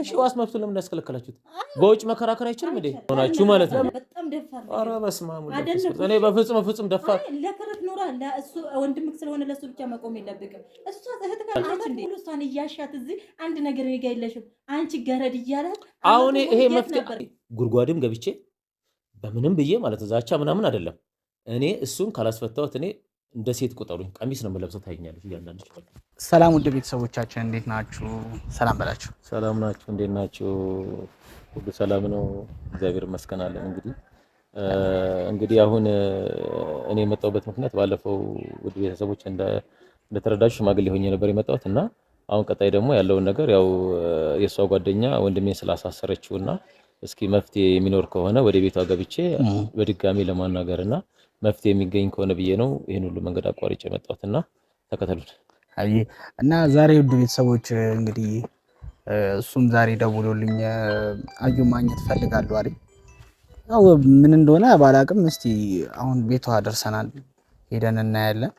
እሺ ዋስ መብቱ ለምን እንዳስከለከላችሁት? በውጭ መከራከር አይችልም እንዴ ሆናችሁ ማለት ነው። በጣም ደፋር ነው። ኧረ በስመ አብ እኔ በፍጹም በፍጹም ደፋር ለከረት ኖራ ለእሱ ወንድምህ ስለሆነ ለእሱ ብቻ መቆም የለብህም። እሷ እህት ካለች እንዴ እሷን እያሻት እዚህ አንድ ነገር ይጋ ጋር የለሽም አንቺ ገረድ እያላት አሁን ይሄ መፍትሄ ጉድጓድም ገብቼ በምንም ብዬ ማለት ዛቻ ምናምን አይደለም። እኔ እሱን ካላስፈታሁት እኔ እንደ ሴት ቁጠሩኝ። ቀሚስ ነው የምለብሰው። ታይኛለች እያንዳንድ ሰላም። ውድ ቤተሰቦቻችን እንዴት ናችሁ? ሰላም በላችሁ። ሰላም ናችሁ? እንዴት ናችሁ? ሁሉ ሰላም ነው፣ እግዚአብሔር ይመስገን አለን። እንግዲህ እንግዲህ አሁን እኔ የመጣሁበት ምክንያት ባለፈው ውድ ቤተሰቦች እንደተረዳችሁ ሽማግሌ ሆኜ ነበር የመጣሁት እና አሁን ቀጣይ ደግሞ ያለውን ነገር ያው የእሷ ጓደኛ ወንድሜን ስላሳሰረችው እና እስኪ መፍትሄ የሚኖር ከሆነ ወደ ቤቷ ገብቼ በድጋሚ ለማናገር እና መፍትሄ የሚገኝ ከሆነ ብዬ ነው ይህን ሁሉ መንገድ አቋርጬ የመጣሁት እና ተከተሉት እና ዛሬ ውድ ቤተሰቦች እንግዲህ እሱም ዛሬ ደውሎልኝ አዩ ማግኘት ፈልጋሉ አ ያው ምን እንደሆነ ባላቅም እስቲ አሁን ቤቷ ደርሰናል፣ ሄደን እናያለን።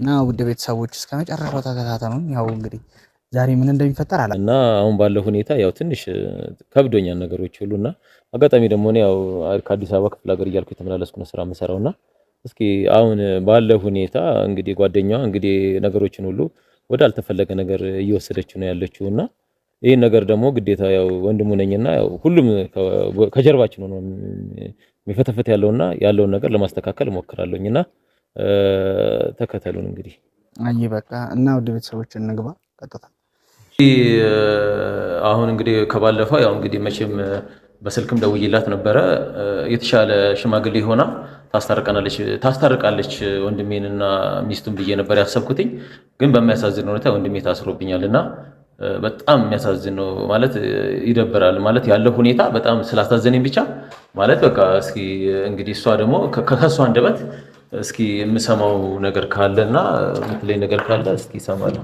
እና ውድ ቤተሰቦች እስከ መጨረሻው ተከታተሉ። ያው እንግዲህ ዛሬ ምን እንደሚፈጠር አላ እና አሁን ባለው ሁኔታ ያው ትንሽ ከብዶኛል ነገሮች ሁሉ እና አጋጣሚ ደግሞ ያው ከአዲስ አበባ ክፍለ ሀገር እያልኩ የተመላለስኩ ነው ስራ የምሰራው እና እስኪ አሁን ባለው ሁኔታ እንግዲህ ጓደኛዋ እንግዲህ ነገሮችን ሁሉ ወደ አልተፈለገ ነገር እየወሰደችው ነው ያለችው እና ይህን ነገር ደግሞ ግዴታ ያው ወንድሙ ነኝና ያው ሁሉም ከጀርባችን ሆኖ የሚፈተፈት ያለውና ያለውን ነገር ለማስተካከል እሞክራለሁኝ እና ተከተሉን እንግዲህ። አይ በቃ እና ውድ ቤተሰቦች እንግባ ቀጥታ አሁን እንግዲህ ከባለፈው ያው እንግዲህ መቼም በስልክም ደውዬላት ነበረ። የተሻለ ሽማግሌ ሆና ታስታርቃለች ወንድሜንና ሚስቱን ብዬ ነበር ያሰብኩትኝ። ግን በሚያሳዝን ሁኔታ ወንድሜ ታስሮብኛል እና በጣም የሚያሳዝን ነው ማለት ይደብራል። ማለት ያለው ሁኔታ በጣም ስላሳዘነኝ ብቻ ማለት በቃ እስኪ እንግዲህ እሷ ደግሞ ከሷ አንደበት እስኪ የምሰማው ነገር ካለ እና ምትለኝ ነገር ካለ እስኪ ይሰማል።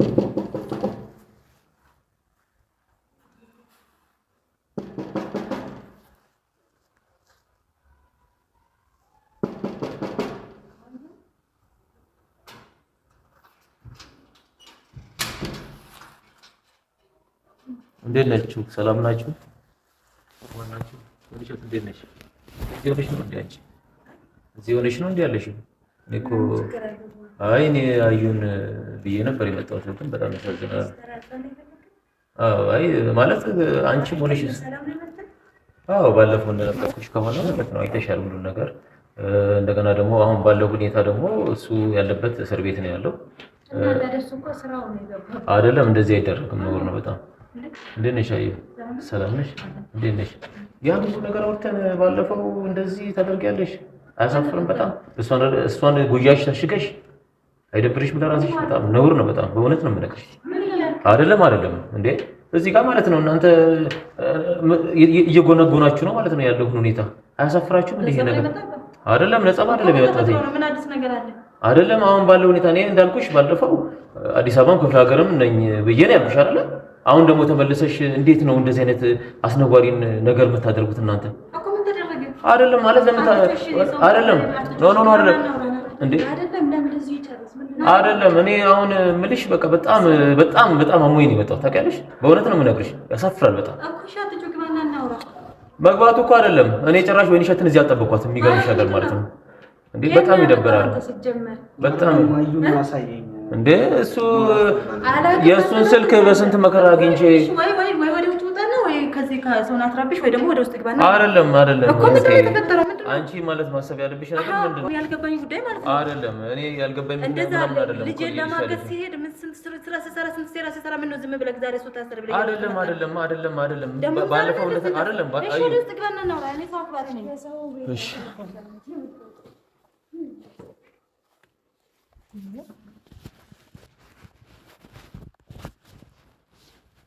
እንዴት ናችሁ? ሰላም ናችሁ? እንዴት እዚህ ሆነሽ ነው እንዴ? ያለሽ? እኮ አይ እኔ አዩን ብዬ ነበር የመጣሁት፣ ግን በጣም ያሳዝናል። አይ ማለት አንቺም ሆነሽ አዎ፣ ባለፈው እንደነበርኩሽ ከሆነ ማለት ነው አይተሻል ሁሉን ነገር እንደገና ደግሞ አሁን ባለው ሁኔታ ደግሞ እሱ ያለበት እስር ቤት ነው ያለው። አይደለም እንደዚህ አይደረግም። ነውር ነው በጣም እንዴት ነሽ? አይ ሰላም ነሽ? እንዴት ነሽ? ያ ብዙ ነገር አውርተን ባለፈው እንደዚህ ታደርጊያለሽ፣ አያሳፍርም? በጣም እሷን ጉያሽ ታሽገሽ አይደብርሽም? ለራስሽ በጣም ነውር ነው። በጣም በእውነት ነው የምነግርሽ። አይደለም አይደለም፣ እንዴ እዚህ ጋር ማለት ነው እናንተ እየጎነጎናችሁ ነው ማለት ነው ያለውን ሁኔታ አያሳፍራችሁም? ይሄ ነገር አይደለም፣ ነጸብ አይደለም ያወጣት አይደለም። አሁን ባለው ሁኔታ እኔ እንዳልኩሽ ባለፈው አዲስ አበባም ክፍለ ሀገርም ነኝ ብዬ ነው ያልኩሽ አይደለም አሁን ደግሞ ተመልሰሽ እንዴት ነው እንደዚህ አይነት አስነጓሪን ነገር የምታደርጉት እናንተ? አይደለም ማለት ለምታ አይደለም? ኖ ኖ ኖ አይደለም እንዴ አይደለም። እኔ አሁን ምልሽ በቃ በጣም በጣም በጣም አሞኝ ነው የመጣሁት ታውቂያለሽ። በእውነት ነው የምነግርሽ፣ ያሳፍራል በጣም መግባቱ እኮ አይደለም። እኔ ጭራሽ ወይን እሸትን እዚህ አጠበኳት። የሚገርምሽ ነገር ማለት ነው እንዴ በጣም ይደብራል በጣም ያሳየኝ እንዴ እሱ የእሱን ስልክ በስንት መከራ አግኝቼ አይደለም አይደለም አንቺ ማለት ማሰብ ያለብሽ ነገር ምንድን ነው? ያልገባኝ ጉዳይ ማለት ነው። አይደለም እኔ ያልገባኝ ጉዳይ ምናምን ለማገዝ ሲሄድ ስንት ስራ ስሰራ ስንት ሴራ ስሰራ ምን ዝም ብለህ ዛሬ እሱ ታሰር ብለህ አይደለም አይደለም አይደለም አይደለም ባለፈው ዕለት አይደለም እሺ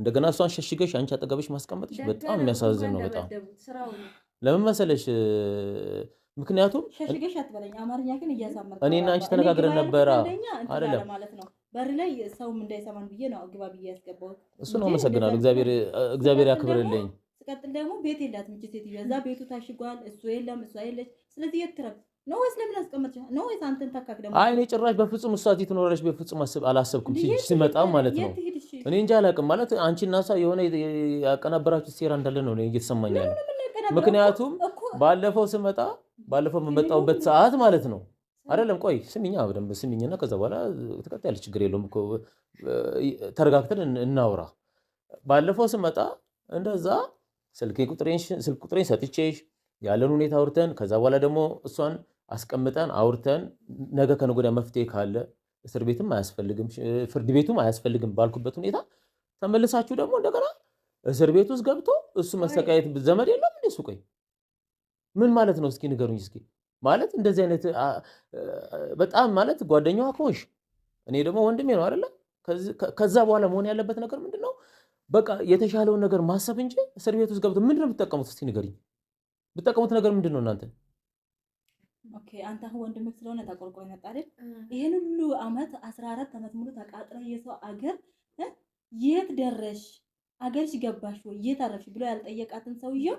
እንደገና እሷን ሸሽገሽ አንቺ አጠገብሽ ማስቀመጥሽ በጣም የሚያሳዝን ነው። በጣም ለምን መሰለሽ? ምክንያቱም እኔና አንቺ ተነጋግረን ነበረ አይደለም? በር ላይ ሰውም እንዳይሰማን ብዬ ነው አግባ ብዬ ያስገባሁት። እሱን አመሰግናለሁ። እግዚአብሔር ያክብርልኝ። ስቀጥል ደግሞ ቤት የላትም እች ሴትዮዋ። እዛ ቤቱ ታሽጓል። እሱ የለም፣ እሷ የለች። ስለዚህ የት ትረፍ ነው ወይስ አንተን ተካክ ደግሞ? አይ እኔ ጭራሽ በፍጹም እሷ እዚህ ትኖራለች በፍጹም አላሰብኩም። ሲመጣ ማለት ነው እኔ እንጂ አላውቅም። ማለት አንቺ እና እሷ የሆነ ያቀናበራችሁ ሴራ እንዳለ ነው እየተሰማኝ ያለው። ምክንያቱም ባለፈው ስመጣ ባለፈው የምመጣውበት ሰዓት ማለት ነው አይደለም። ቆይ ስሚኛ፣ በደንብ ስሚኝና ከዛ በኋላ ችግር የለውም እኮ ተረጋግተን እናውራ። ባለፈው ስመጣ እንደዛ ስልክ ቁጥሬን ሰጥቼሽ ያለን ሁኔታ አውርተን ከዛ በኋላ ደግሞ እሷን አስቀምጠን አውርተን ነገ ከነገ ወዲያ መፍትሄ ካለ እስር ቤትም አያስፈልግም፣ ፍርድ ቤቱም አያስፈልግም ባልኩበት ሁኔታ ተመልሳችሁ ደግሞ እንደገና እስር ቤት ውስጥ ገብቶ እሱ መሰቃየት ዘመድ የለም እንዴ? ሱቀኝ ምን ማለት ነው? እስኪ ንገሩኝ። እስኪ ማለት እንደዚህ አይነት በጣም ማለት ጓደኛዋ ከሆንሽ እኔ ደግሞ ወንድሜ ነው አይደለ? ከዛ በኋላ መሆን ያለበት ነገር ምንድን ነው? በቃ የተሻለውን ነገር ማሰብ እንጂ እስር ቤት ውስጥ ገብቶ ምንድን ነው የምትጠቀሙት? እስኪ ንገሪኝ። የምትጠቀሙት ነገር ምንድን ነው እናንተ? ኦኬ አንተ አሁን ወንድምህ ስለሆነ ተቆርቆሮ የመጣ አይደል? ይሄን ሁሉ አመት 14 አመት ሙሉ ተቃጥለ የሰው አገር የት ደረሽ አገርሽ ገባሽ ወይ የት አረፍሽ ብሎ ያልጠየቃትን ሰውዬው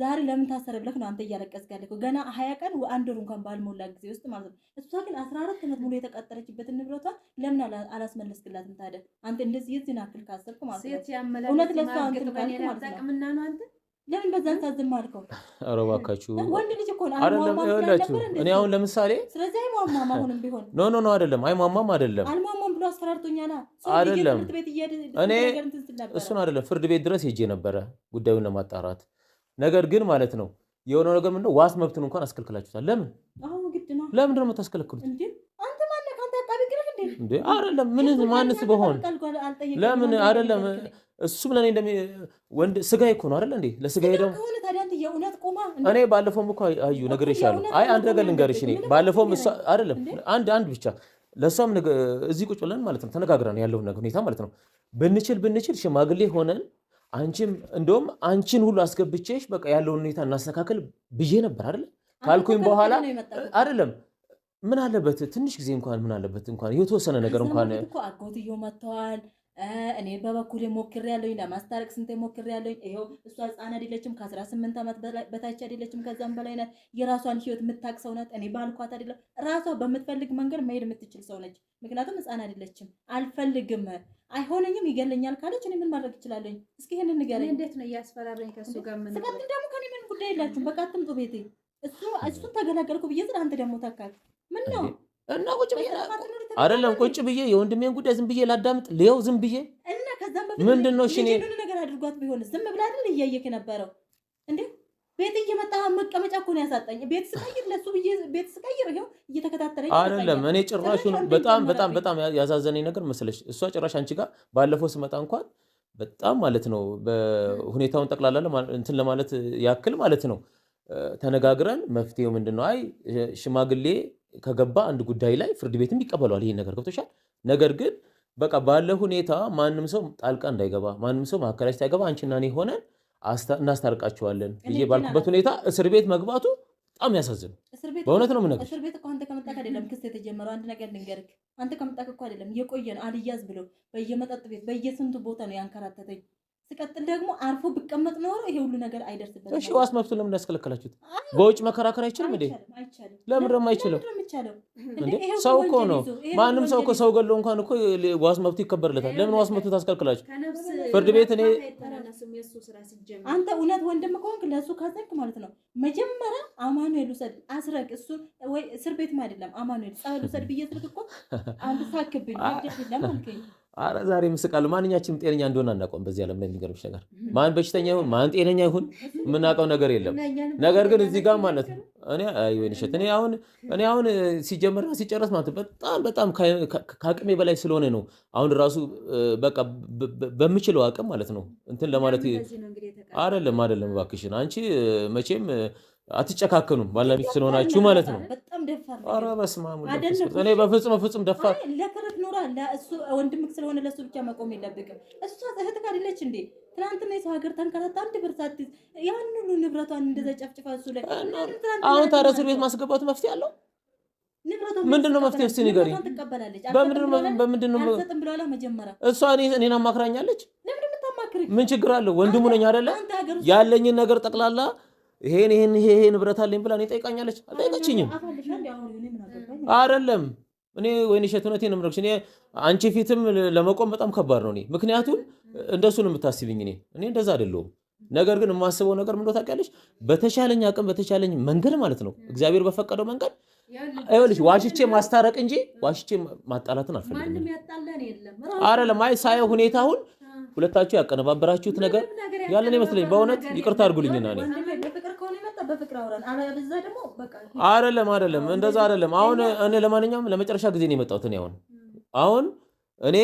ዛሬ ለምን ታሰረ ብለህ ነው አንተ እያለቀስክ ያለከው? ገና ሀያ ቀን አንድ ወር እንኳን ባልሞላ ጊዜ ውስጥ ማለት ነው። እሷ ግን አስራ አራት ዓመት ሙሉ የተቀጠረችበትን ንብረቷን ለምን አላስመለስክላትም ታዲያ? አንተ እንደዚህ የዚህን አክል ካሰብክ ማለት ነው እውነት ለእሷ አንተ ማለት ነው ለምን በዛ አልከው? ኧረ እባካችሁ ወንድ ልጅ እኮ ነው። እኔ አሁን ለምሳሌ ስለዚህ አይሟሟም። አሁንም ቢሆን ኖ ኖ ኖ አይደለም፣ አይሟሟም አይደለም፣ አልሟሟም ብሎ አስፈራርቶኛል። አይደለም እኔ እሱን አይደለም፣ ፍርድ ቤት ድረስ ሄጄ ነበረ ጉዳዩን ለማጣራት። ነገር ግን ማለት ነው የሆነው ነገር ምንድነው፣ ዋስ መብትን እንኳን አስከልክላችሁታል። ለምን ለምንድን ነው የምታስከለክሉት? እንዴ አይደለም። ምን ማንስ በሆን ለምን አይደለም። እሱም ለኔ እንደ ወንድ ስጋ እኮ ነው አይደል እንዴ? ለስጋ ሄደው እኔ ባለፈውም እኮ አዩ ነግሬሻለሁ። አይ አንድ ነገር ልንገርሽ። እኔ ባለፈውም እሷ አይደለም አንድ አንድ ብቻ ለእሷም እዚህ ቁጭ ብለን ማለት ነው ተነጋግረን ያለውን ሁኔታ ማለት ነው ብንችል ብንችል ሽማግሌ ሆነን አንቺም እንደውም አንቺን ሁሉ አስገብቼሽ በቃ ያለውን ሁኔታ እናስተካከል ብዬ ነበር አይደል ካልኩኝ በኋላ አይደለም ምን አለበት ትንሽ ጊዜ እንኳን ምን አለበት እንኳን የተወሰነ ነገር እንኳን አጎትየው መጥተዋል። እኔ በበኩሌ ያለኝ ለማስታረቅ ስንቴ ያለኝ ይኸው እሷ ህፃን አይደለችም፣ ከአስራ ስምንት ዓመት በታች አይደለችም፣ ከዛም በላይ ናት። የራሷን ህይወት የምታቅ ሰው ናት። እኔ ባልኳት አይደለም፣ ራሷ በምትፈልግ መንገድ መሄድ የምትችል ሰው ነች። ምክንያቱም ህፃን አይደለችም። አልፈልግም፣ አይሆነኝም፣ ይገለኛል ካለች እኔ ምን ማድረግ እችላለሁኝ? እስኪ ይህን ንገረኝ። እንዴት ነው እያስፈራረኝ ከሱ ጋር ምን ስቀጥል ደግሞ ከኔ ምን ጉዳይ የላችሁም። በቃ አትምጡ ቤቴ። እሱ እሱን ተገላገልኩ ብዬ ስለ አንተ ደግሞ ታካል ቁጭ ብዬ አይደለም ቁጭ ብዬ የወንድሜን ጉዳይ ዝም ብዬ ላዳምጥ ልየው ዝም ብዬ ምንድን ነው ሽኔ ነገር አድርጓት ቢሆን ዝም ብላ አይደል እያየክ እንዴ? ቤት እየመጣ መቀመጫ እኮ ነው ያሳጣኝ። ቤት ስቀይር ለሱ ብዬ ቤት ስቀይር ይኸው እየተከታተለኝ አይደለም። እኔ ጭራሹን በጣም በጣም በጣም ያሳዘነኝ ነገር መሰለሽ እሷ ጭራሽ አንቺ ጋር ባለፈው ስመጣ እንኳን በጣም ማለት ነው በሁኔታውን ጠቅላላ እንትን ለማለት ያክል ማለት ነው ተነጋግረን መፍትሄው ምንድን ነው አይ ሽማግሌ ከገባ አንድ ጉዳይ ላይ ፍርድ ቤትም ይቀበለዋል ይሄን ነገር ገብቶሻል። ነገር ግን በቃ ባለ ሁኔታ ማንም ሰው ጣልቃ እንዳይገባ ማንም ሰው መካከላችን ሳይገባ አንቺና እኔ ሆነን እናስታርቃቸዋለን ብዬ ባልኩበት ሁኔታ እስር ቤት መግባቱ በጣም ያሳዝን በእውነት ነው የምነግርሽ። እስር ቤት እኮ አንተ ከመጣህ አይደለም ክስ የተጀመረው። አንድ ነገር ልንገርህ፣ አንተ ከመጣህ እኮ አይደለም የቆየ አልያዝ ብሎ በየመጠጥ ቤት በየስንቱ ቦታ ነው ያንከራተተኝ። ስቀጥል ደግሞ አርፎ ብቀመጥ ኖሮ ይሄ ሁሉ ነገር አይደርስበትም። እሺ ዋስ መብቱን ለምን ያስከለከላችሁት? በውጭ መከራከር አይችልም እንዴ? ለምን ደግሞ አይችልም? ሰው እኮ ነው። ማንም ሰው እኮ ሰው ገሎ እንኳን እኮ ዋስ መብቱ ይከበርለታል። ለምን ዋስ መብቱ ታስከልክላችሁ? ፍርድ ቤት እኔ አንተ እውነት ወንድም ከሆንክ ለእሱ ካዘንክ ማለት ነው መጀመሪያ አማኑኤል ውሰድ አስረግ እሱ ወይ እስር ቤትም አይደለም አማኑኤል ጸበል ውሰድ ብዬ ስልክ እኮ አንተ ሳክብኝ አረ ዛሬ ምስቃሉ ማንኛችንም ጤነኛ እንደሆነ አናውቀውም በዚህ ዓለም ላይ የሚገርምሽ ነገር ማን በሽተኛ ይሁን ማን ጤነኛ ይሁን የምናውቀው ነገር የለም ነገር ግን እዚህ ጋር ማለት ነው እኔ አሁን አሁን ሲጀመርና ሲጨረስ ማለት በጣም በጣም ከአቅሜ በላይ ስለሆነ ነው። አሁን ራሱ በቃ በምችለው አቅም ማለት ነው እንትን ለማለት አይደለም አይደለም፣ እባክሽን አንቺ መቼም አትጨካከኑም ባለቤት ስለሆናችሁ ማለት ነው። ኧረ በስመ አብ እኔ በፍጹም በፍጹም ደፋር ለከረት ኖራ ለእሱ ወንድምህ ስለሆነ ለእሱ ብቻ መቆም የለብቅም። እሷ እህትህ አይደለች እንዴ? ትናንትና የሰው ሀገር ተንከራታ አንድ ብር ሳትይዝ ያን ሁሉ ንብረቷን እንደዛ ጨፍጭፋ እሱ ላይ አሁን ታዲያ እስር ቤት ማስገባቱ መፍትሄ አለው? ምንድን ነው መፍትሄ? እስኪ ንገሪኝ። በምንድን ነው እሷ እኔን አማክራኛለች። ምን ችግር አለው? ወንድሙ ነኝ አይደለ? ያለኝን ነገር ጠቅላላ ይሄን ይሄን ይሄ ይሄ ንብረት አለኝ ብላ እኔ ጠይቃኛለች። አልጠይቀችኝም አይደለም። እኔ ወይኔ እሸት እውነቴን ነው የምነግርሽ። እኔ አንቺ ፊትም ለመቆም በጣም ከባድ ነው። እኔ ምክንያቱም እንደሱ ነው የምታስቢኝ። እኔ እኔ እንደዛ አይደለሁም። ነገር ግን የማስበው ነገር ምን ታውቂያለሽ? በተሻለኝ አቅም በተሻለኝ መንገድ ማለት ነው እግዚአብሔር በፈቀደው መንገድ ይኸውልሽ ዋሽቼ ማስታረቅ እንጂ ዋሽቼ ማጣላትን አልፈልግም። አረ ለማይ ሳየው ሁኔታ አሁን ሁለታችሁ ያቀነባበራችሁት ነገር ያለን ይመስለኝ። በእውነት ይቅርታ አድርጉልኝና እኔ በፍቅር አውራን። ደግሞ በቃ አይደለም፣ አይደለም፣ እንደዛ አይደለም። አሁን እኔ ለማንኛውም ለመጨረሻ ጊዜ ነው የመጣሁት። እኔ አሁን አሁን እኔ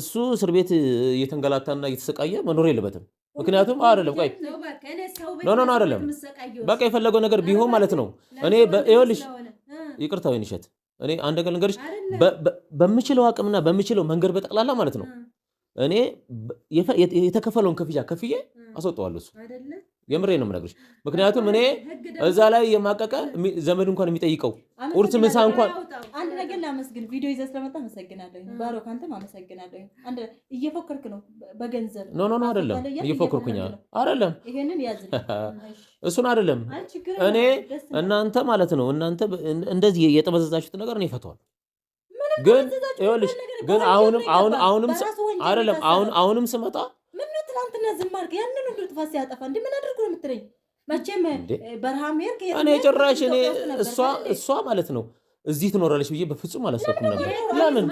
እሱ እስር ቤት እየተንገላታና እየተሰቃየ መኖር የለበትም። ምክንያቱም አይደለም፣ ቆይ ኖ ኖ ኖ፣ አይደለም፣ በቃ የፈለገው ነገር ቢሆን ማለት ነው። እኔ ይኸውልሽ፣ ይቅርታ ወይን እሸት፣ እኔ አንድ ነገር ልንገርሽ፣ በምችለው አቅምና በምችለው መንገድ በጠቅላላ ማለት ነው እኔ የተከፈለውን ክፍያ ከፍዬ አስወጣዋለሁ እሱ የምሬ ነው የምነግርሽ። ምክንያቱም እኔ እዛ ላይ የማቀቀ ዘመድ እንኳን የሚጠይቀው ቁርስ፣ ምሳ እንኳን አንድ ነገር ላመስግን። ቪዲዮ ይዘህ ስለመጣ አመሰግናለሁ። ባሮ ካንተም አመሰግናለሁ። አንድ እየፎከርክ ነው በገንዘብ ኖ ኖ ኖ፣ አይደለም እየፎከርኩኝ አይደለም፣ እሱን አይደለም። እኔ እናንተ ማለት ነው እናንተ እንደዚህ የጠመዘዛችሁት ነገር እኔ ፈተዋል። ግን ይኸውልሽ፣ ግን አሁንም አሁንም አሁንም አይደለም አሁን አሁንም ስመጣ ትናንትና ዝም አድርግ። ያንን ሁሉ ጥፋት ሲያጠፋ እንዲህ ምን አድርጎ ነው የምትለኝ? መቼም በረሃም ሄድክ። እኔ ጭራሽ እኔ እሷ እሷ ማለት ነው እዚህ ትኖራለች ብዬ በፍጹም አላሰብኩም ነበር። ለምን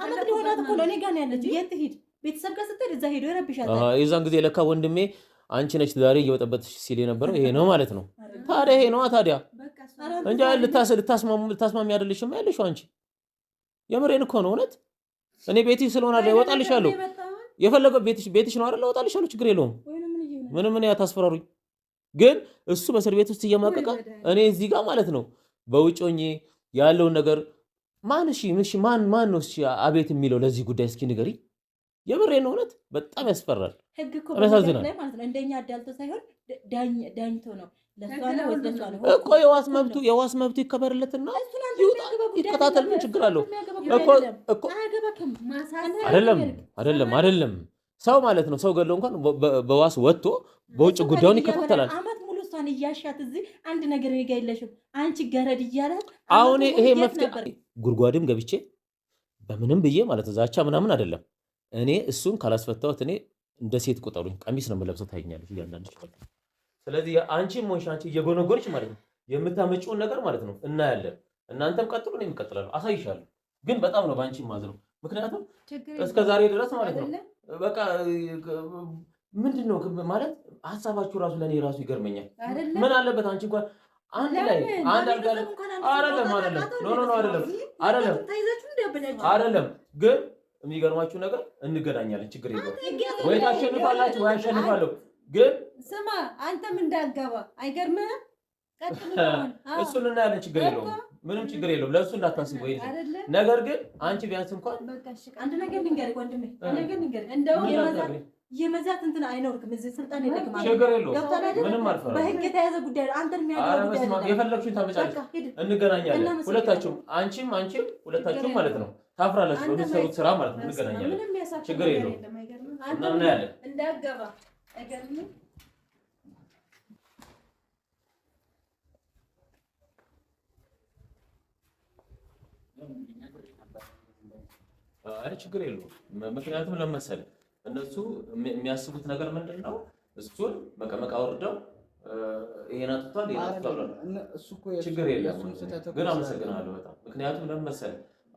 አመት ሊሆናት እኮ ነው እኔ ጋር ያለችው። የት ሂድ ቤተሰብ ጋር ስትሄድ እዛ ሄዶ ይረብሻታል። የዛን ጊዜ ለካ ወንድሜ አንቺ ነች ዛሬ እየወጠበትሽ ሲል የነበረው ይሄ ነው ማለት ነው። ታዲያ ይሄ ነዋ ታዲያ እንጂ ልታስማሚ አይደለሽም ያለሽው አንቺ። የምሬን እኮ ነው እውነት እኔ ቤቲ ስለሆን አይደል እወጣልሻለሁ የፈለገው ቤትሽ ቤትሽ ነው አይደል? እወጣልሽ አሉ። ችግር የለውም። ምንም ምን ያታስፈራሩኝ። ግን እሱ በእስር ቤት ውስጥ እየማቀቀ እኔ እዚህ ጋር ማለት ነው በውጭ ሆኜ ያለውን ነገር ማን እሺ ምሽ ማን ማን ነው እሺ አቤት የሚለው ለዚህ ጉዳይ እስኪ ንገሪ። ነው። እውነት በጣም ያስፈራል፣ ያሳዝናል። እንደኛ አዳልቶ ሳይሆን ዳኝቶ ነው እኮ የዋስ መብቱ የዋስ መብቱ ይከበርለትና ይከታተል። ምን ችግር አለው? አይደለም አይደለም አይደለም ሰው ማለት ነው። ሰው ገለው እንኳን በዋስ ወጥቶ በውጭ ጉዳዩን ይከታተላል። አመት ሙሉ እያሻት እዚህ አንድ ነገር እኔ የለሽም አንቺ ገረድ እያላት አሁን ይሄ መፍትሄ ጉድጓድም ገብቼ በምንም ብዬ ማለት ዛቻ ምናምን አይደለም። እኔ እሱን ካላስፈታሁት እኔ እንደ ሴት ቁጠሩኝ። ቀሚስ ነው የምለብሰው። ታይኛለች እያንዳንዱ ስለዚህ አንቺ ሆንሽ አንቺ እየጎነጎንሽ ማለት ነው የምታመጪውን ነገር ማለት ነው እናያለን። እናንተም ቀጥሉ፣ እኔም እቀጥላለሁ፣ አሳይሻለሁ። ግን በጣም ነው በአንቺ ማዝነው፣ ምክንያቱም እስከ ዛሬ ድረስ ማለት ነው በቃ ምንድን ነው ማለት ሀሳባችሁ ራሱ ለእኔ ራሱ ይገርመኛል። ምን አለበት አንቺ እንኳን አንድ ላይ አንድ አልጋ አይደለም አይደለም ኖ ኖ ኖ አይደለም አይደለም አይደለም ግን የሚገርማችሁ ነገር እንገናኛለን፣ ችግር የለውም ወይ ታሸንፋላችሁ ወይ አሸንፋለሁ ግን ስማ አንተም እንዳገባ አይገርምህም? እሱን እናያለን። ችግር የለውም፣ ምንም ችግር የለውም። ለእሱ እንዳታስቡ ወይ ነገር ግን አንቺ ቢያንስ እንኳን አንድ ነገር ንገር ወንድሜ፣ ነገር ንገር እንደው የመዛት እንትን አይኖርክም። እዚህ ስልጣን የለህም። ችግር የለውም፣ ምንም አልፈራም። በህግ የተያዘ ጉዳይ አንተን የሚያደርግ ጉዳይ የፈለግሽውን ታመጫለሽ። እንገናኛለን፣ ሁለታችሁም፣ አንቺም አንቺም፣ ሁለታችሁም ማለት ነው። ታፍራላችሁ በሚሰሩት ስራ ማለት ነው። እንገናኛለን፣ ችግር የለውም። እናምናያለን እንዳገባ አይ ችግር የለውም። ምክንያቱም ለመሰል እነሱ የሚያስቡት ነገር ምንድን ነው? እሱን መቀመቅ አውርደው ይሄን አጥቷል ችግር የለም ግን አመሰግናለሁ በጣም ምክንያቱም ለመሰለ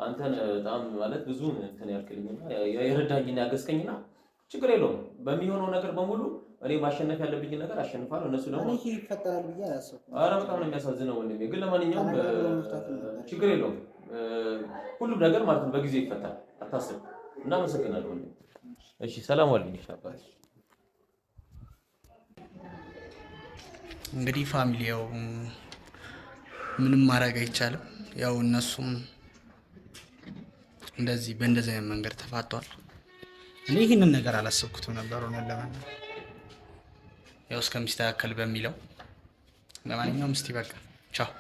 አንተን በጣም ማለት ብዙ እንትን ያልክልኝና የረዳኝና ያገዝከኝና ችግር የለውም። በሚሆነው ነገር በሙሉ እኔ ማሸነፍ ያለብኝ ነገር አሸንፋለሁ። እነሱ ደግሞ ይሄ ይፈጠራል ብዬ አላሰብኩም። ኧረ በጣም ነው የሚያሳዝነው ወንድሜ። ግን ለማንኛውም ችግር የለውም። ሁሉም ነገር ማለት ነው በጊዜ ይፈታል። አታስብ። እናመሰግናለን ወንድም። እሺ፣ ሰላም ይሻባል እንግዲህ ፋሚሊ ያው ምንም ማድረግ አይቻልም። ያው እነሱም እንደዚህ በእንደዚህ አይነት መንገድ ተፋቷል። እኔ ይህንን ነገር አላሰብኩትም ነበር ሆነን ለማን ያው እስከሚስተካከል በሚለው ለማንኛውም እስቲ በቃ ቻው።